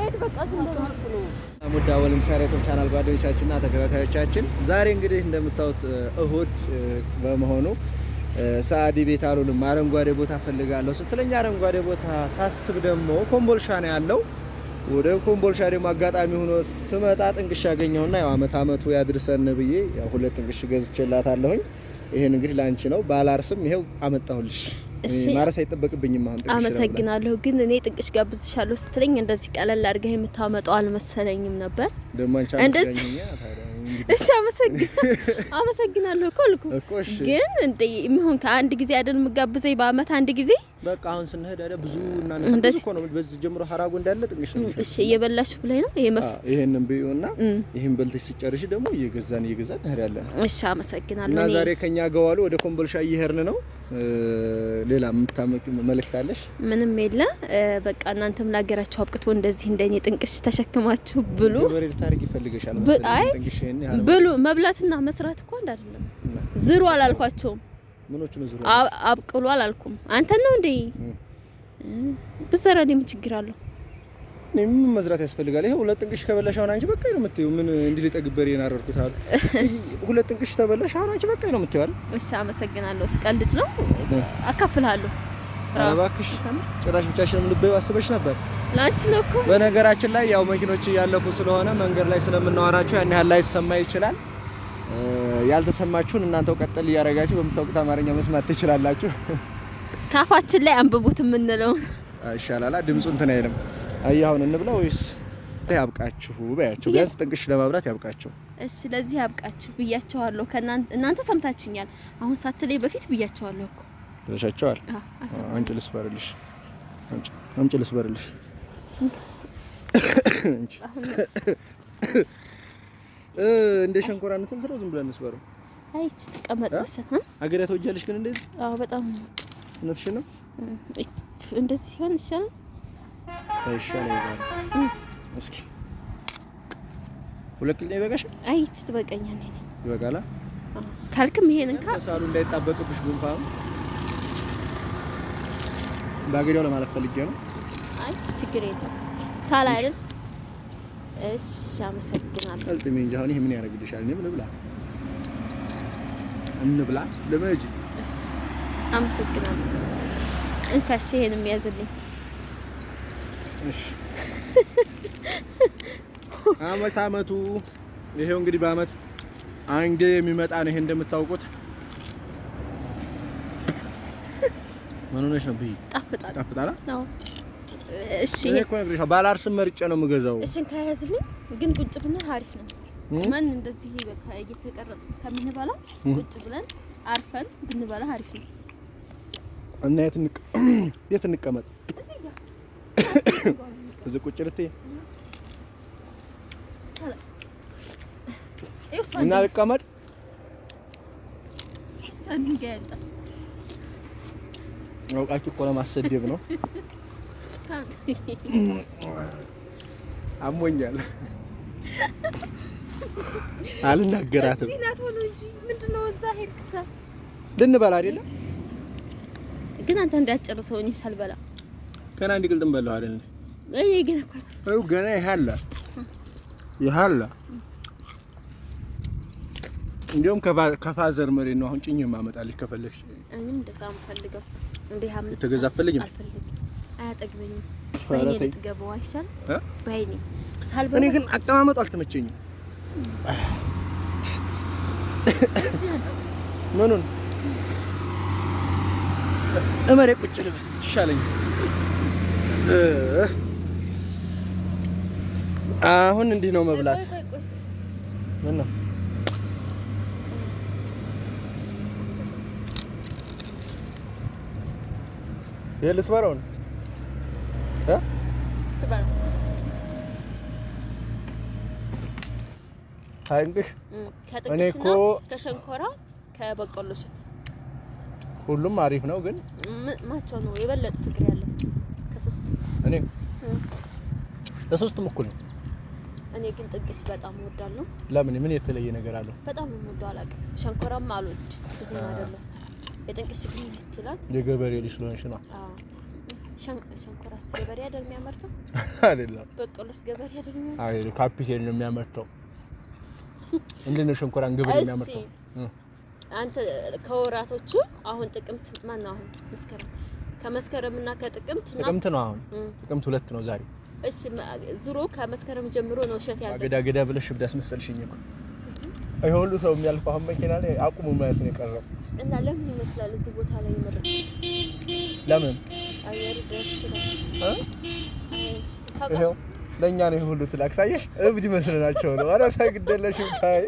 ሲሄድ በቃ ዝም ብሎ ሙዳ ወልም ቻናል ጓደኞቻችንና ተከታታዮቻችን ዛሬ እንግዲህ እንደምታዩት እሁድ በመሆኑ ሰአዲ ቤት አልውልም አረንጓዴ ቦታ ፈልጋለሁ ስትለኝ አረንጓዴ ቦታ ሳስብ ደግሞ ኮምቦልሻ ነው ያለው። ወደ ኮምቦልሻ ደግሞ አጋጣሚ ሆኖ ስመጣ ጥንቅሽ ያገኘውና ያው አመት አመቱ ያድርሰን ብዬ ያው ሁለት ጥንቅሽ ገዝቼላታለሁኝ። ይሄን እንግዲህ ላንቺ ነው ባላርስም፣ ይሄው አመጣሁልሽ። ማረስ አይጠበቅብኝም። አመሰግናለሁ። ግን እኔ ጥንቅሽ ጋብዝሻለሁ ስትለኝ እንደዚህ ቀለል አድርገህ የምታመጣው አልመሰለኝም ነበር። እሺ፣ አመሰግናለሁ እኮ አልኩ። ግን እንደ የሚሆን ከአንድ ጊዜ አይደል የምጋብዘኝ በአመት አንድ ጊዜ። በቃ አሁን ስንሄድ አይደል ብዙ እናነሳ እኮ ነው። በዚህ ጀምሮ ሀራጎ እንዳለ ጥንቅሽ ነው። እሺ፣ እየበላሽ ብለኝ ነው የመፍ ይሄንን ቢዩና ይሄን በልተሽ ሲጨርሽ ደግሞ እየገዛን እየገዛን እንሄዳለን። እሺ፣ አመሰግናለሁ። እና ዛሬ ከኛ ጋር ዋሉ። ወደ ኮምቦልሻ እየሄድን ነው ሌላ የምታመቂው መልእክት አለሽ? ምንም የለ። በቃ እናንተም ለሀገራችሁ አብቅቶ እንደዚህ እንደኔ ጥንቅሽ ተሸክማችሁ ብሉ ብሉ። መብላትና መስራት እኮ አንድ አይደለም። ዝሩ አላልኳቸውም። አብቅሉ አላልኩም። አንተን ነው እንዴ ብሰራ እኔ ምን ችግር አለው? ምን መዝራት ያስፈልጋል? ይሄ ሁለት ጥንቅሽ ከበላሽ አሁን አንቺ በቃ ነው የምትይው። ምን እንዲህ ልጠግበር የናረርኩት አለ። ሁለት ጥንቅሽ ተበላሽ አሁን አንቺ በቃ ነው የምትይው አይደል? እሺ፣ አመሰግናለሁ። ስቀልድ ነው፣ አካፍልሃለሁ። እባክሽ ጭራሽ ብቻሽን ልበይ አስበሽ ነበር። ላንቺ ነው እኮ። በነገራችን ላይ ያው መኪኖች እያለፉ ስለሆነ መንገድ ላይ ስለምናወራቸው ያን ያህል ላይሰማ ይችላል። ያልተሰማችሁን እናንተው ቀጥል እያደረጋችሁ በምታውቁት አማርኛ መስማት ትችላላችሁ። ካፋችን ላይ አንብቡት የምንለው ይሻላል። ድምፁ እንትን አይልም። አሁን እንብላ ወይስ ያብቃችሁ በያቸው። ቢያንስ ጥንቅሽ ለማብራት ያብቃችሁ። እሺ ለዚህ ያብቃችሁ ብያቸዋለሁ። ከእናንተ እናንተ ሰምታችኛል። አሁን ሳትለይ በፊት ብያቸዋለሁ እኮ ብለሻቸዋል። አንቺ ልስበርልሽ፣ አንቺ ልስበርልሽ። እንደ ሸንኮራ እንትን ትለው ዝም ብለን እንስበረው። አይ እቺ ተቀመጥ መሰለህ። አገዳ ተወጃለሽ ግን እንደዚህ። አዎ በጣም እውነትሽን ነው። እንደዚህ ይሆን ይሻላል ታይሻል ይባል እስኪ ሁለት ቂል ይበቃሽ? አይ ትበቃኛ ነኝ። ይበቃላ ካልክም ይሄን እንካ ሳሉ እንዳይጣበቅብሽ ጉንፋኑ በአገሬው ለማለት ፈልጌ ነው። አይ ችግር የለም ሳላ አይደል? እሺ አመሰግናለሁ። ጥልጥሜ እንጂ አሁን ይሄ ምን ያደርግልሻል? እኔም ልብላ እንብላ ልመጅ። እሺ አመሰግናለሁ። እንካሽ ይሄን የሚያዝልኝ አመት አመቱ ይሄው እንግዲህ በአመት አንዴ የሚመጣ ነው። ይሄ እንደምታውቁት ምን ሆነሽ ነው? ብይ ጣፍጣል፣ ጣፍጣል። አዎ እሺ። ይሄ እኮ ነግሬሻለሁ፣ ባላርስም መርጬ ነው የምገዛው። እሺ ከያዝልኝ ግን ቁጭ ብለን አሪፍ ነው። ማን እንደዚህ በቃ እየተቀረጽ ከምንበላ ቁጭ ብለን አርፈን ብንበላ አሪፍ ነው። እና የት እንቀመጥ? እዚህ ቁጭ ልትይ እና ልቀመጥ አውቃችሁ እኮ ለማሰደብ ነው። አሞኛል። አልናገራትም። ልንበላ አይደለም ግን አንተ እንዳትጨርሰው እኔ ሳልበላ ገና አንድ ቅልጥም በለው አይደል? እኔ ገና ገና ይሃላ ይሃላ እንዲሁም ከፋዘር መሬት ነው አሁን ጭኝ ማመጣልሽ ከፈለግሽ። ፈልገው እንዴ ተገዛ አያጠግበኝም። እኔ ግን አቀማመጡ አልተመቸኝም። ምኑን እመሬ ቁጭ ልበል ይሻለኛል። አሁን እንዲህ ነው መብላት። ምነው ልስበረው ነው እንግዲህ እኔ እኮ ከሸንኮራ ከበቆሎ ሁሉም አሪፍ ነው፣ ግን ማቸው ነው የበለጠ ፍቅር ያለው ከሶስቱም እኔ ለሶስቱም እኩል ነው። እኔ ግን ጥቅስ በጣም እወዳለሁ። ለምን? ምን የተለየ ነገር አለው? በጣም የምወደው አላውቅም። ሸንኮራም አሉት ብዙም አይደለም። የጥንቅስ ግን እንዴት ይላል? የገበሬ ልጅ ስለሆንሽ ነው። ሸንኮራስ ገበሬ አይደል የሚያመርተው? አይደለም። በቆሎስ ገበሬ አይደል የሚያመርተው? አይ ካፒቴል ነው የሚያመርተው። እንዴት ነው ሸንኮራን ገበሬ የሚያመርተው? አንተ ከወራቶቹ አሁን ጥቅምት ማነው? አሁን መስከረም ከመስከረምና ከጥቅምት ጥቅምት ነው አሁን ጥቅምት ሁለት ነው ዛሬ። እሺ ዙሮ ከመስከረም ጀምሮ ነው እሸት ያለ አገዳ አገዳ ብለሽ እብድ አስመሰልሽኝ እኮ። ይሄ ሁሉ ሰው የሚያልፈው አሁን መኪና ላይ አቁሙ ማለት ነው የቀረው። እና ለምን ይመስላል እዚህ ቦታ ላይ ይመረጥ? ለምን አየር ደስ ይላል። ይሄው ለእኛ ነው ይሄ ሁሉ ትላክ ሳየሽ እብድ ይመስለናቸው ነው። ኧረ ተግደለሽም ታይ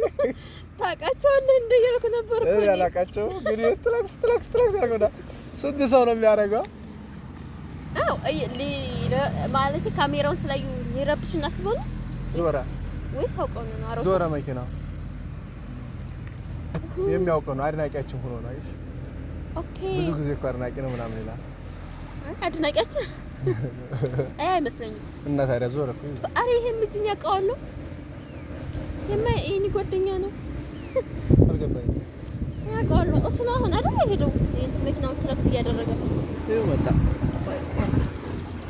ታውቃቸዋለህ እንደ እያልኩ ነበር እኮ እኔ አላውቃቸውም። ግን ትላክስ ትላክስ ትላክስ ያልኩህ ነው ስንት ሰው ነው የሚያደርገው? አው ማለት ካሜራውን ስላዩ ሊረብሽ እናስበው ነው። ዞረ ወይስ አውቀው ነው? አረሱ ዞረ መኪና የሚያውቀው ነው። አድናቂያችን ሆኖ ነው። አይሽ ኦኬ። ብዙ ጊዜ እኮ አድናቂ ነው ምናምን ይላል። አድናቂያችን አይ አይመስለኝም። እና ታዲያ ዞረ እኮ። ኧረ ይሄን ልጅ እኛ አውቀዋለሁ። የማ ይሄን ጓደኛ ነው። አልገባኝም አውቀዋለሁ። እሱ ነው አሁን አይደል የሄደው መኪናውን ትረክስ እያደረገ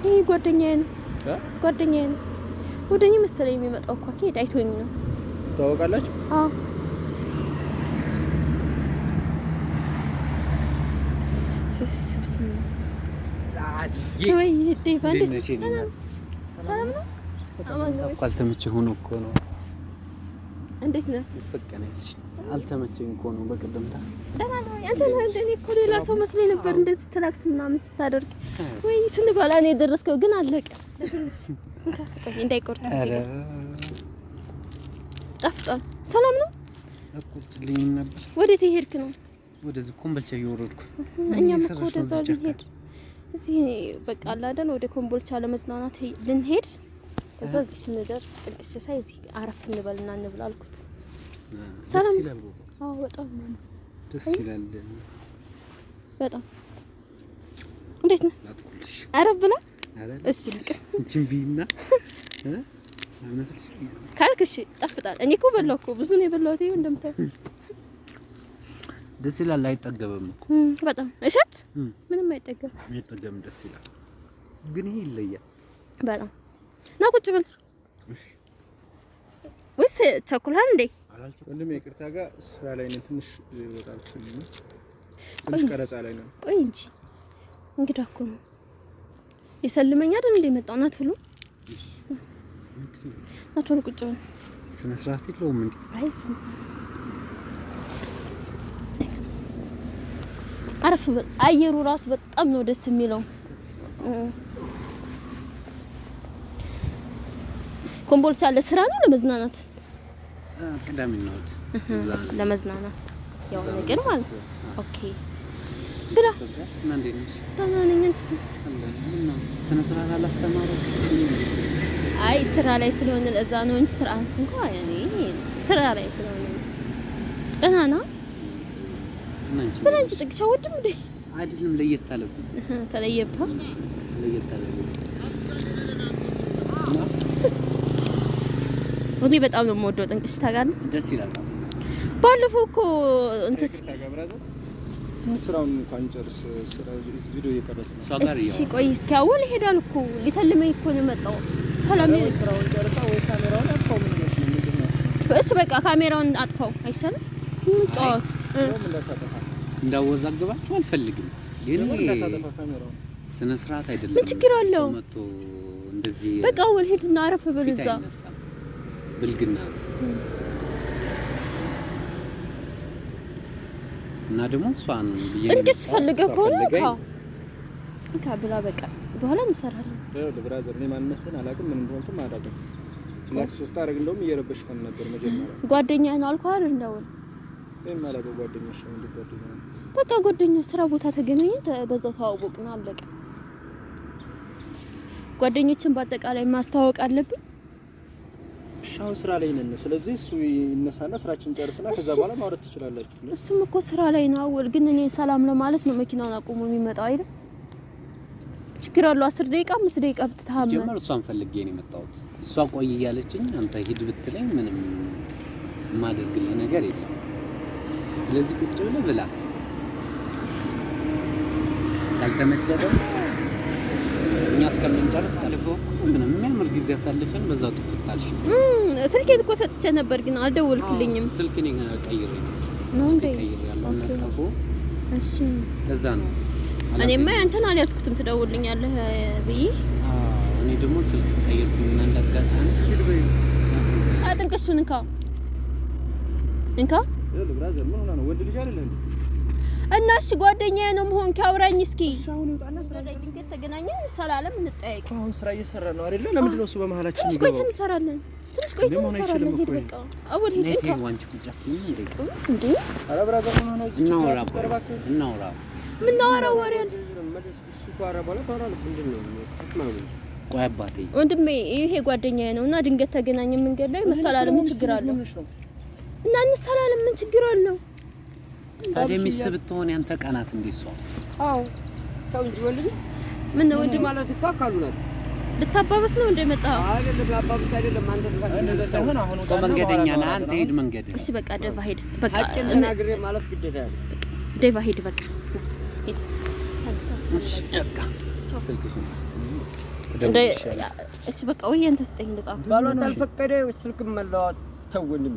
ይህ ጓደኛዬ ነው ጓደኛዬ ነው ወደ እኔ መሰለኝ የሚመጣው እኮ ከሄድ አይቶኝ ነው። ትታወቃላችሁ? አዎ ሰላም ነው። አልተመቸ ሆኖ እኮ ነው። እንዴት ነህ? አልተመቸኝ እኮ ነው። በቅድምታ አንተ ነው። እኔ እኮ ሌላ ሰው መስሎኝ ነበር እንደዚህ ትላክስ ምናምን ስታደርግ ወይ ስንበላ ነው የደረስከው። ግን አለቀ እንዳይቆርጥ ጣፍጧል። ሰላም ነው አቆርጥልኝ ነበር። ወዴት የሄድክ ነው? ወደዚህ ኮምቦልቻ እየወረድኩ እኛም እኮ ወደዛ ልንሄድ እዚህ በቃ አላደን ወደ ኮምቦልቻ ለመዝናናት ልንሄድ እዛ እዚህ ስንደርስ ጥንቅሽ ሳይ እዚህ አረፍ እንበልና እንብላ አልኩት። ሰላም። አዎ በጣም ደስ ይላል። በጣም እንዴት ነህ? እሺ ቢና ካልክ እሺ ጠፍጣል። እኔ እኮ በላሁ እኮ ብዙ ነው የበላሁት። ይኸው እንደምታየው ደስ ይላል። አይጠገብም እኮ በጣም እሸት ምንም አይጠገብም። አይጠገብም። ደስ ይላል ግን ይሄ ይለያል በጣም ና ቁጭ ብል ወይስ ቸኩልሃል እንዴ? ወንድሜ ይቅርታ ጋር ስራ ላይ ነው። ትንሽ በጣም ትንሽ ቀረጻ ላይ ነው። ቆይ እንጂ እንግዳ እኮ ነው የሰልመኝ አይደል እንደ መጣው ናት ሁሉ ናት ሁሉ ቁጭ ብለን ስነ ስርዓት የለውም እንዴ? አይ ስም አረፍ በል። አየሩ ራሱ በጣም ነው ደስ የሚለው። ኮምቦልቻ ስራ ነው ለመዝናናት ለመዝናናት ያው ነገር ማለት ነው። ኦኬ ብላ ደህና ነኝ። አንቺስ? ስነ ስርዓት አላስተማረም? አይ ስራ ላይ ስለሆነ እዛ ነው እንጂ ስርዓት እንኳን ያኔ ስራ ላይ ስለሆነ ደህና ነው። ብላ አንቺ ጥቅሻ ወድም እንደ አይደለም ለየት አለብኝ። ተለየብህ? ለየት አለብኝ እኔ በጣም ነው የምወደው ጥንቅሽ ታጋን ደስ ይላል። ባለፈው እኮ እንትስ ስራውን እንኳን ጨርስ ስራ ቪዲዮ እየቀረጽ ነው። ሳጋሪ እሺ ቆይ እስኪ አሁን ይሄዳል እኮ ሊተልመኝ እኮ ነው የመጣው። ሰላም ነው። ስራውን ጨርሳ ወይ ካሜራውን አጥፋው። ምን ነው? እሱ በቃ ካሜራውን አጥፋው። ምን እንጫወት። እንዳወዛገባችሁ አልፈልግም፣ ግን ስነ ስርዓት አይደለም። ምን ችግር አለው? በቃ አወል ሄድና አረፍ ብሎ እዛ ብልግና ነው እና ደግሞ እሷን ጥልቅስ ፈልገ ከሆነ ብላ በቃ በኋላ እንሰራለን። ብራዘር እኔ ማንነትን አላውቅም፣ ምን አላውቅም። ላክስ ስታደርግ እንደውም ነበር መጀመሪያ። ጓደኛ ነው አልኳል እንደውን አላውቅም። ነው በቃ ጓደኛ ስራ ቦታ ተገናኘ፣ በዛው አለቀ። ጓደኞችን በአጠቃላይ ማስተዋወቅ አለብን አሁን ስራ ላይ ነን። ስለዚህ እሱ ይነሳና ስራችን ጨርስና ከዛ በኋላ ማውራት ትችላላችሁ። እሱም እኮ ስራ ላይ ነው። አወል ግን እኔ ሰላም ለማለት ነው መኪናውን አቁሞ የሚመጣው አይደል? ችግር አለው። አስር ደቂቃ አምስት ደቂቃ ብትታመም ጀመር። እሷን ፈልጌ ነው የመጣሁት። እሷ ቆይ እያለችኝ አንተ ሂድ ብትለኝ ምንም የማደርግልህ ነገር የለም። ስለዚህ ቁጭ ብለህ ብላ ካልተመቸ እኛ እስከምንጨርስ ቴሌፎን እንትን የሚያምር ጊዜ አሳልፈን በዛው ጥፍት ስልኬን እኮ ሰጥቼ ነበር ግን አልደወልክልኝም። ስልክ ቀይሬ ነው ነው እኔማ ያንተን አልያዝኩትም ትደውልኛለህ ብዬ። እኔ ደግሞ ስልክ ቀይርኩኝና እንዳጋጣሚ አጥንቅሽን እንካ እንካ እና እሺ ጓደኛዬ ነው መሆን ካውራኝ እስኪ አሁን ወጣና ስራ ድንገት ተገናኘን እየሰራ ነው አይደለ? ለምንድን ነው እሱ በመሀላችን ቆይ አባቴ ወንድሜ፣ ይሄ ጓደኛዬ ነው እና ድንገት ተገናኘን መንገድ ላይ መሰላለም ምን ችግር አለው? እና እንሰላለን ምን ችግር አለው? ታዲያ ሚስት ብትሆን ያንተ ቀናት እንዴት ሰው? አዎ ተው እንጂ ወልኝ። ምን ነው ወንድ ማለት እኮ አካሉ ናት። ልታባበስ ነው እንደ መጣው አይደለም፣ ላባበስ አይደለም። አንተ እንደዛ ሳይሆን አሁን ወጣ መንገደኛ ነህ አንተ፣ ሄድ መንገድ። እሺ በቃ ደፋ ሄድ። በቃ ሀቄን ተናግሬ ማለፍ ግዴታ ያለ ደፋ ሄድ። በቃ ሂድ። እሺ በቃ እሺ በቃ ወይ አንተ ስጠኝ፣ እንደጻፍ ባሎን አልፈቀደ ስልክ መለዋወጥ ተወንም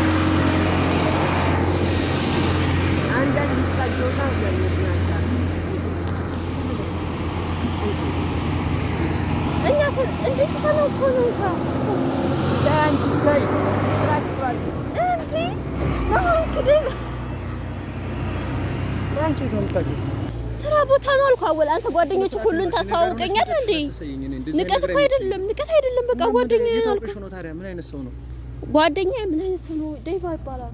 ቦታ ስራ ቦታ ነው አልኩ። አወል አንተ ጓደኞች ሁሉን ታስተዋውቀኛለህ እንዴ? ንቀት እኮ አይደለም፣ ንቀት አይደለም። በቃ ጓደኛ ምን አይነት ሰው ነው? ምን አይነት ሰው ነው? ዴቫ ይባላል።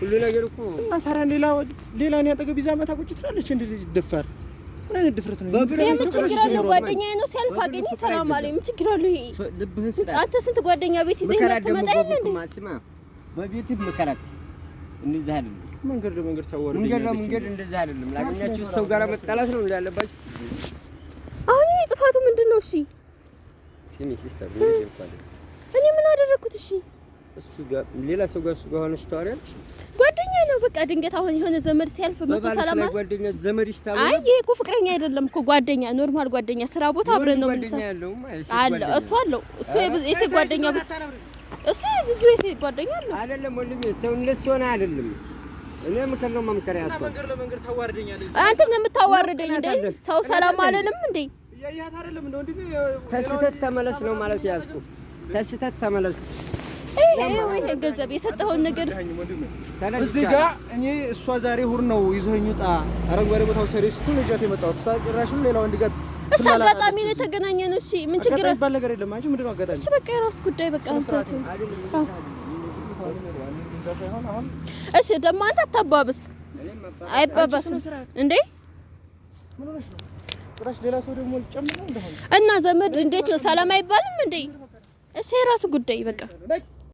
ሁሉ ነገር እኮ እና ታዲያ ሌላ ሌላ እኔ አጠገብ ይዛ መታ ቁጭ ትላለች። እንደ ልጅ ደፋር ምን አይነት ድፍረት ነው? ምን ችግር አለው? ጓደኛዬ ነው ሲያልፍ አገኘ ሰላም አለኝ። ምን ችግር አለው? አንተ ስንት ጓደኛ ቤት ይዘህ መጣ ያለ እንዴ? በቤትህ ምከራት። እንደዛ አይደለም። መንገድ ለመንገድ ታወረ መንገድ ለመንገድ እንደዛ አይደለም። ላገኛችሁ ሰው ጋር መጣላት ነው እንዳለባችሁ። አሁን ጥፋቱ ምንድን ነው? እሺ ሲሚ ሲስተር ምን ይልኳል? እኔ ምን አደረኩት? እሺ እሱ ጋር ሌላ ሰው ጋር እሱ ጋር ሆነሽ ታወሪያለሽ። ጓደኛ ነው በቃ። ድንገት አሁን የሆነ ዘመድ ሲያልፍ መቶ ሰላም አለ ጓደኛ ዘመድ ይስታው። አይ ይሄ እኮ ፍቅረኛ አይደለም እኮ ጓደኛ፣ ኖርማል ጓደኛ፣ ስራ ቦታ አብረን ነው የምንሰራ አለ። እሱ አለው እሱ የሴት ጓደኛ ብዙ እሱ ብዙ የሴት ጓደኛ አለው። አይደለም ወንድሜ ተው፣ እንደሱ ሆነ አይደለም እኔ ምክር ነው መምከር ያስቆ መንገድ ለመንገድ ታዋርደኛለህ። አንተም ነው የምታዋርደኝ እንዴ? ሰው ሰላም አለንም እንዴ? ያያት አይደለም ተስተት ተመለስ ነው ማለት ያስቆ ተስተት ተመለስ ገንዘብ የሰጠኸውን ነገር እዚህ ጋ እኔ እሷ ዛሬ ሁር ነው ይዘኸኝ ውጣ አረንጓዴ ቦታ ውሰደኝ ስትል እጃት የመጣሁት ጭራሽም ሌላ ወንድ እሺ፣ አጋጣሚ ነው የተገናኘነው። እሺ፣ ምን ችግር አለ? ነገር የለም። አንቺ ምንድን ነው አጋጣሚ? እሺ፣ በቃ የራስ ጉዳይ በቃ አንተቱ እሺ፣ ደግሞ አንተ አታባብስ። አይባባስም እንዴ? እና ዘመድ እንዴት ነው ሰላም አይባልም እንዴ? እሺ፣ የራስ ጉዳይ በቃ